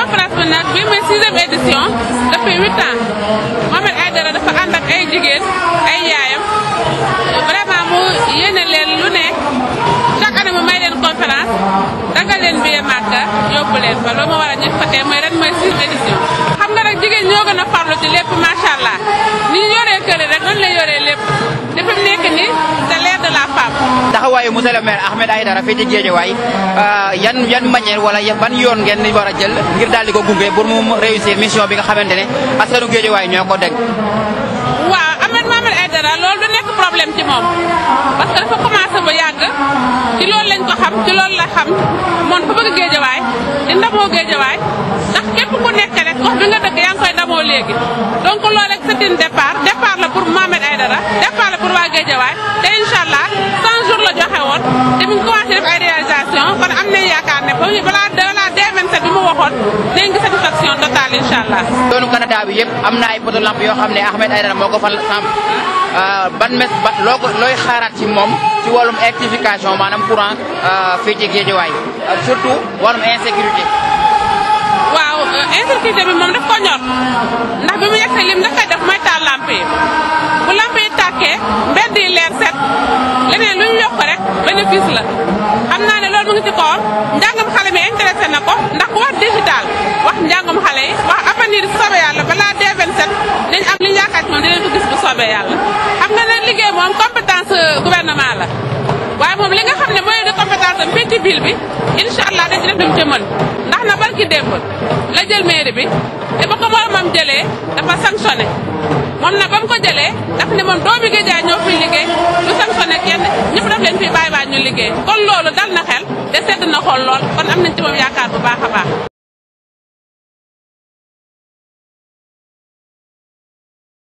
conférence bi nag bii mooy sixième édition depuis huit ans Mohamed Aidara dafa ànd ay jigéen ay yaayam vraiment mu yéene leen lu ne chaque année mu may leen conférence danga leen biyee màgga yóbbu leen fa loolu moo waral fa tey ren mooy sixième édition. xam nga nag jigéen ñoo gën a farlu ci lépp macha allah ni ñu yoree kër rek noonu lépp depuis mu nii. waaye monsieur le maire Ahmed Aïdara fii ci Guédiawaye euh, yan yan manière wala ban yoon ngeen war a jël ngir daal di ko gunge pour mu réussir mission bi nga xamante ne askanu Guédiawaye ñoo ko dégg. waaw Ahmed Mohamed Aïdara loolu du nekk problème ci moom parce que dafa commencé ba yàgg ci loolu lañ ko xam ci loolu la xam moom fa bëgg Guédiawaye di ndamoo Guédiawaye ndax képp ku nekk rek gox bi nga dëkk yaa ngi koy ndamoo léegi donc loolu rek c'est un départ départ la pour Mohamed Aïdara départ la pour waa Guédiawaye te incha allah loolu balaa balaa d bi mu waxoon dégg nga satisfaction totale allah. loolu Canada bi yëpp am na poto lamp yoo xam ne Ahmed Aïdara moo ko fa samp euh, ban mes looy xaaraat ci moom ci wàllum rectification maanaam courant euh, fii ci surtout wàllum insécurité. waaw euh, insécurité bi moom daf ko ndax bi mu yegsee lim daf def mooy taal lamp bu lamp yi tàkkee leer set leneen lu ñu bénéfice la xam naa ne loolu mu ngi ci koor njàngam xale mi intéressé na ko ndax ku wax digital wax njàngam xale yi wax avenir sobe yàlla balaa D27 nañ am li yaakaar moom dinañ ko gis bu sobe yàlla xam nga ne liggéey moom compétence euh, gouvernement la waaye moom li nga xam ne mooy di compétence am fii bi incha allah dañ ci mën ndax na barki démb la jël mairie bi te ba ko moromam jëlee dafa sanctionné moom na ba mu ko jëlee daf liggéey kon loolu dal na xel te sedd na xol lool kon am nañ ci moom yaakaar bu baax a baax